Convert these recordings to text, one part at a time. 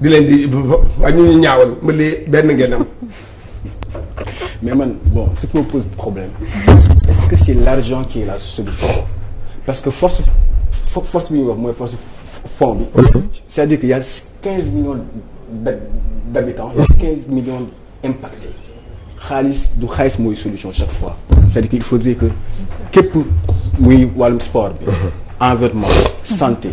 di leen di waa ñu ñu ñaawal ba lii benn ngeen mais man bon ce qui me pose problème est-ce que c'est l'argent qui est la solution parce que force force bi wax mooy force fond bi. c'est-à-dire qu'il y a quinze millions d'habitants. y a quinze millions impactés xaalis du xaalis mooy solution chaque fois. c'est-à-dire qu'il faudrait que képp muy wàllum sport bi. Uh-huh. environnement santé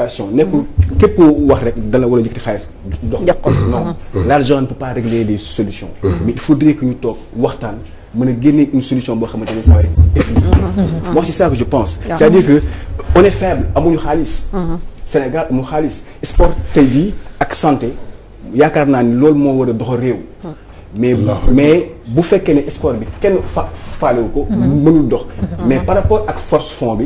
vocation nekkul képp wax rek dala war a yëkkati xaalis dox ko non mm-hmm. Mm-hmm. l'argent ne peut pas régler les solutions mm-hmm. mais il faudrait que ñu toog waxtaan mën a génne une solution boo xamante ne ça va être efficace moi c'est ça que je pense c'est-à-dire que on est faible amuñu xaalis Sénégal amuñu xaalis sport tey jii ak santé yaakaar naa ni loolu moo war a doxal réew mais mais bu fekkee ne sport bi kenn fa faalewu ko mënul dox mais par rapport ak force fond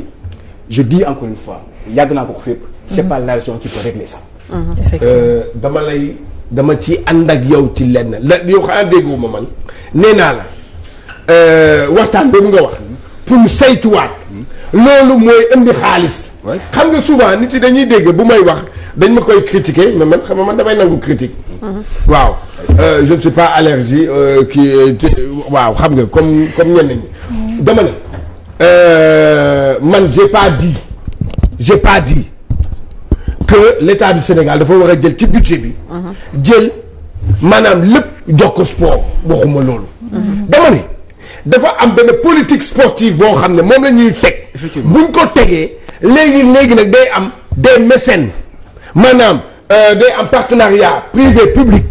je di encore une fois yàgg naa ko ko fépp. c'est pas o qui peut régler ça. Mhm. Euh, dama lay dama ci ànd ak yow ci lenn la yow xanaa déggoo ma man nee naa la euh, waxtaan boobu nga wax pour mu saytuwaat loolu mooy indi xaalis. xam nga souvent nit yi dañuy dégg bu may wax dañ ma koy critiquer mais man xam nga man damay nangu critique. Mhm. waaw euh, je ne suis pas allergique kii waaw xam nga comme comme ñenn ñi dama ne. man j'ai pas dit j'ai pas dit que l'état du Sénégal dafa war a jël ci budget bi. jël maanaam lépp jox ko sport waxuma loolu. dama ne dafa am benn politique sportive boo xam ne moom la ñuy teg. buñ ko tegee léegi léegi nag day am des mécènes maanaam euh, day am partenariat privé public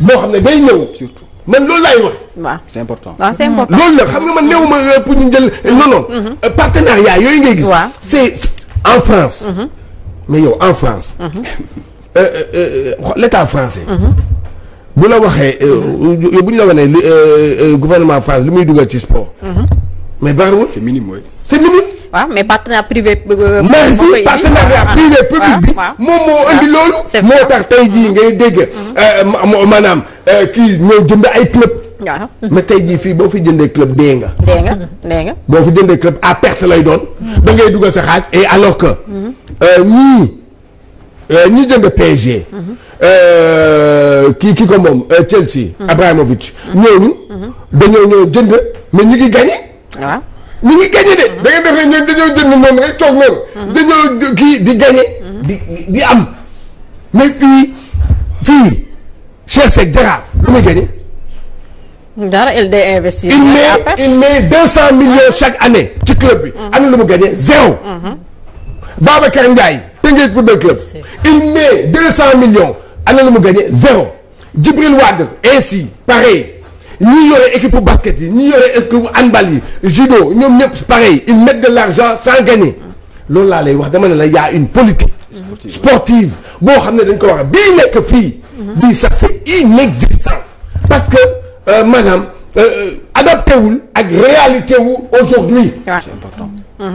boo xam ne day ñëw. surtout man loolu laay wax. waaw c'est important nga man néew ma euh, pour ñu jël euh, non non mm-hmm. euh, partenariat yooyu ngay gis waaw c'est en France mm-hmm. mais yow en France mm-hmm. l'état français bu la waxee bu ñu la waxee France li muy dugal ci sport mais bariwul c'est minime oui c'est minime waaw mais privé. merci partenariat ah, ah, bi. moom moo indi ah, loolu. moo tax tey jii ngay dégg. maanaam kii ñoo ay club waaw mais tey jii fii boo fi jëndee club dee nga. dee nga boo fi jëndee club à perte lay doon. da ngay dugal sa xaaj et alors que. Euh, ñii euh, ñi jënd PSG. Euh, ki ko moom Chelsea. Abramovich. ñooñu. dañoo ñëw jënd mais ñu ngi gagné. waaw de. da nga def dañoo jënd moom rek toog noonu. dañoo kii di gagné. di di am mais fii fii Cheikh Seck Jaraaf lu muy gagné. dara LD investir. il met il met deux cent millions chaque année. ci club bi. am na lu mu gagné zéro. Babacar Ndiaye. Tëngéej football club. il met cent millions. am la lu mu gagné zéro. Djibril Wade ainsi pareil. ñi yore équipe basket yi ñi yore équipe handball yi judo ñoom ñëpp pareil ils mettent de l'argent sans gagner loolu la lay wax dama ne la y a une politique sportive boo xam ne dañ ko wax bii nekk fii bii sa c'est inexistant parce que Euh, maanaam euh, euh, adapté wul ak wu aujourd'hui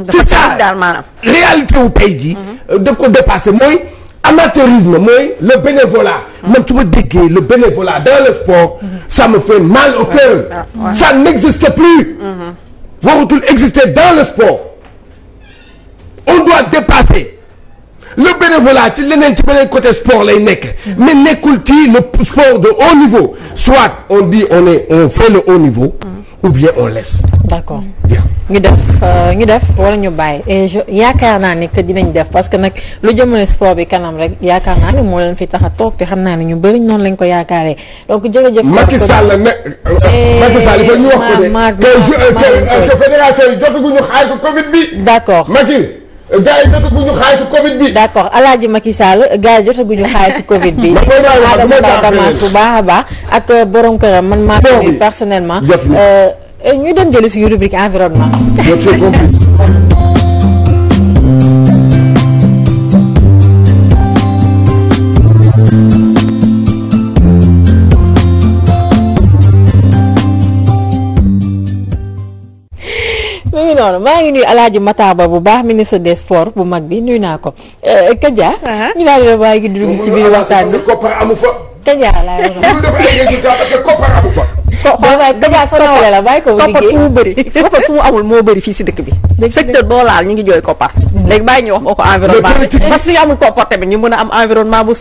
c'est important réalité wu tey jii daf ko dépassé mooy amateurisme mooy le bénévolat man su ma le bénévolat dans le sport ça me fait mal au cœur ah, ça n'existe plus waxutul exister dans le sport on doit dépasser le bénévolat ci leneen ci beneen côté sport lay nekk mais nekkul ci le sport de haut niveau soit on dit on est on fait le haut niveau ou bien on laisse d'accord ñu def euh, ñu def wala ñu bàyyi et yaakaar naa ni que dinañ def parce que nag lu jëmale sport bi kanam rek yaakaar naa ne moo leen fi tax a toog te xam naa ne ñu bëri noonu lañ ko yaakaaree donc jërëjëf. Macky Sall ne eh, Macky Sall il faut ñu wax ko de. que gars yi jotaguñu xaalisu Covid bi. d' accord El Hadj Macky Sall gars yi jotaguñu xaalisu Covid bi. man mooy daal bu baax a baax ak euh, borom këram man maa personnellement euh, ñu dem jëli suñu rubrique environnement. ngi noonu maa ngi nuyu Alaaji Mataba bu baax ministre des sports bu mag bi nuyu naa ko eh, Kaja. Uh-huh. ñu daal di la bàyyi dugg ci biir waxtaan bi koppar amu fa. Kaja laa yor na. def ay résultats parce la bàyyi ko koppar fu mu bëri koppar fu mu amul moo bëri fii si dëkk bi. secteur boo laal ñu ngi jooy koppar. Mm-hmm. léegi bàyyi ñu wax nga ko environnement bi parce que ñu amul koppar tamit ñu mën a am environnement bu.